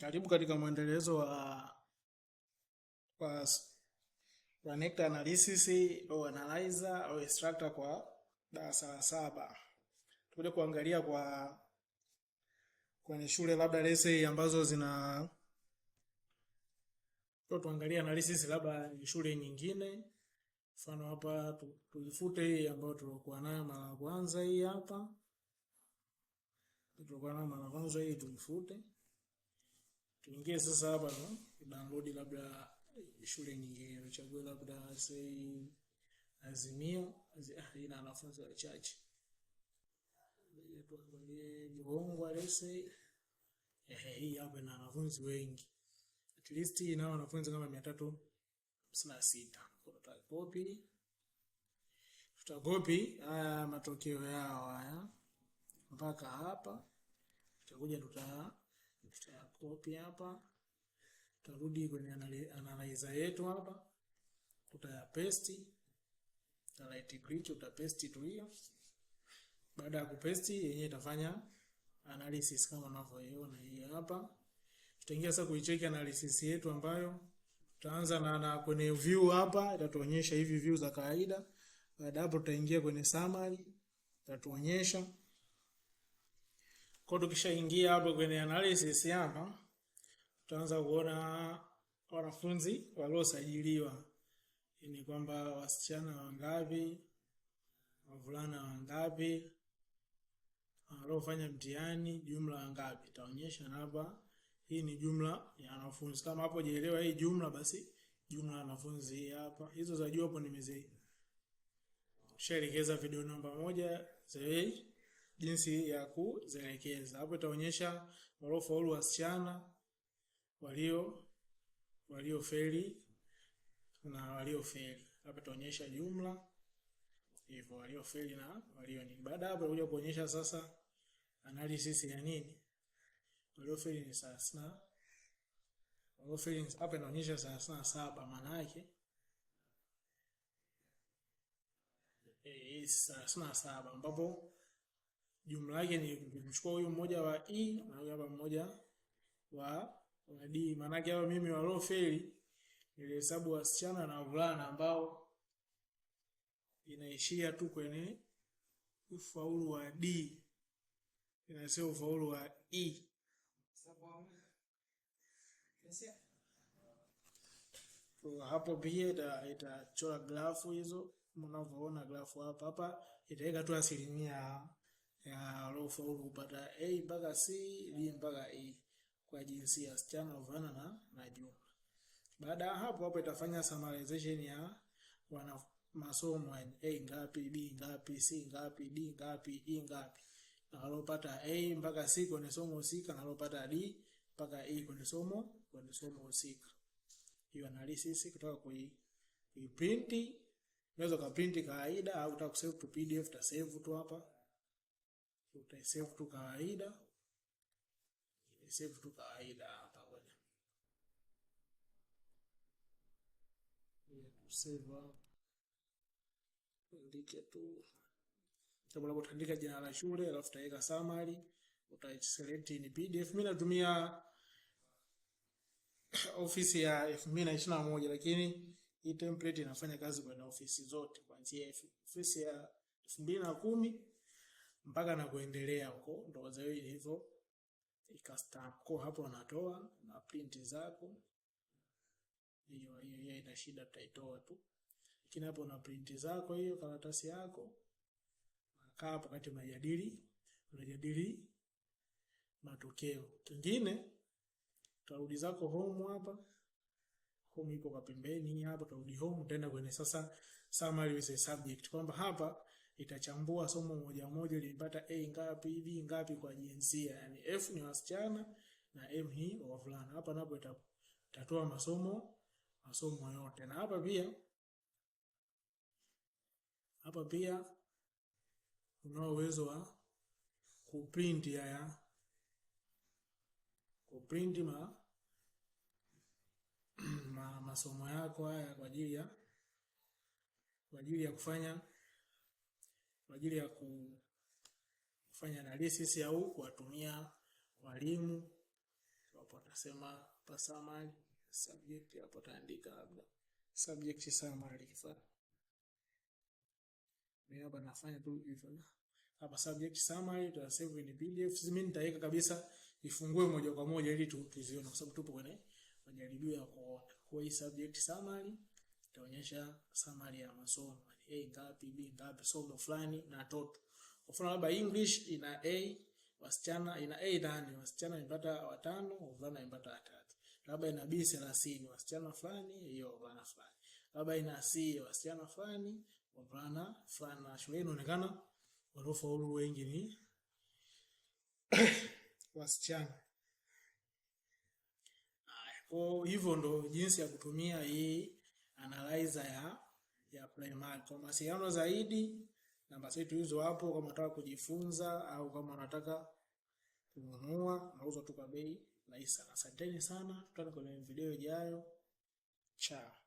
Karibu katika mwendelezo wa wa, wa nectar analysis au analyzer au extractor kwa darasa la saba. Tuje kuangalia kwa kwenye shule labda lesei ambazo zina tuangalia analysis labda shule nyingine, mfano hapa tuifute hii ambayo tulikuwa nayo mara ya kwanza, hii hapa tulikuwa nayo mara ya kwanza, hii tuifute tuingie sasa hapa no download labda shule nyingine, uchague labda sei Azimio ah, ina wanafunzi wachache Jogongwa lese hii hapa na wanafunzi wengi, at least ina wanafunzi kama mia tatu hamsini na sita. Tutakopi tutakopi haya matokeo yao haya mpaka hapa, tutakuja tuta tuta copy hapa, tutarudi kwenye analyzer yetu hapa, tutayapaste, ta right click, tutapaste tu hiyo. Baada ya kupaste, yenyewe itafanya analysis kama unavyoiona hiyo hapa. Tutaingia sasa kuicheki analysis yetu ambayo tutaanza na, na kwenye view hapa itatuonyesha hivi view za kawaida. Baada hapo tutaingia kwenye summary itatuonyesha kwa tukishaingia hapo kwenye analysis hapa, tutaanza kuona wanafunzi waliosajiliwa, ni kwamba wasichana wangapi, wavulana wangapi, waliofanya mtihani jumla wangapi, itaonyesha hapa. Hii ni jumla ya wanafunzi. Kama hapo jielewa hii jumla, basi jumla ya wanafunzi hapa. Hizo za juu hapo nimezi shaelekeza video namba moja zewei jinsi ya kuzielekeza. Hapo itaonyesha waliofaulu wasichana, walio walio feli na walio feli hapo itaonyesha jumla hivyo, feli na walio nini. Baada hapo itakuja kuonyesha sasa analysis ya nini, feli ni sasa waliofeli. hapo inaonyesha sasa saba, maana yake eh, sasa saba ambapo jumla yake ni nimchukua huyu mmoja wa E na huyu hapa mmoja wa wa D. Maana yake hapa mimi waliofeli nilihesabu wasichana na wavulana ambao inaishia tu kwenye ufaulu wa D, inasema ufaulu wa E. So, hapo pia itachora ita grafu hizo mnavyoona grafu hapa hapa itaweka tu asilimia ya roho faulu kupata A mpaka C, B mpaka E kwa jinsia wasichana wavulana na na jumla. Baada ya hapo hapo itafanya summarization ya wana masomo yani A ngapi, B ngapi, C ngapi, D ngapi, E ngapi. Na alopata A mpaka C kwenye somo husika na alopata D mpaka E kwenye somo kwenye somo husika. Hiyo analysis kutoka kwa hii print, unaweza ka print kawaida au utasave to PDF, utasave tu hapa utaisave tu kawaida, utasave tu kawaida hapa bwana, save ndike tu labda utaandika jina la shule, alafu utaweka summary, utaselect in PDF. Mimi natumia ofisi ya elfu mbili na ishirini na moja lakini hii template inafanya kazi kwenye ofisi zote kuanzia ofisi ya elfu mbili na kumi mpaka na kuendelea huko, ndo wazawe hivyo ikastamp kwa hapo, anatoa na print zako. Hiyo hiyo ina shida, tutaitoa tu lakini hapo na print zako, hiyo karatasi yako. Kaa hapo kati unajadili unajadili matokeo. Kingine tarudi zako home hapa, home ipo kwa pembeni hapa, tarudi home, utaenda kwenye sasa summary with a subject, kwamba hapa itachambua somo moja moja lilipata A ngapi, B ngapi kwa jinsia. Yani F ni wasichana na M ni wavulana. Hapa napo itatoa masomo masomo yote. Na hapa pia hapa pia unao uwezo wa kuprint haya kuprint ma, ma masomo yako haya kwa ajili ya kwa ajili ya kufanya kwa ajili ya kufanya analysis au kuwatumia walimu, wapo watasema summary subject, hapo taandika labda subject summary kifaa. Mimi hapa nafanya tu hivyo hapa, subject summary save in PDF. Mimi nitaweka kabisa ifungue moja kwa moja ili tuzione, kwa sababu tupo kwenye majaribio ya kuona kwa hii subject summary itaonyesha summary ya masomo yaani, A ngapi, B ngapi, somo fulani na toto. Kwa mfano labda English ina A wasichana ina A ndani, wasichana imepata watano, wavulana imepata watatu. Labda ina B 30 wasichana fulani, hiyo wavulana fulani. Labda ina C wasichana fulani, wavulana fulani. Na shule inaonekana waliofaulu wengi ni wasichana. Kwa hivyo ndo jinsi ya kutumia hii analyzer ya ya primary. Kwa masiano zaidi, namba zetu hizo hapo, kama unataka kujifunza au kama unataka kununua, nauza tu kwa bei rahisi sana. Asanteni sana, tutane kwenye video ijayo. Chao.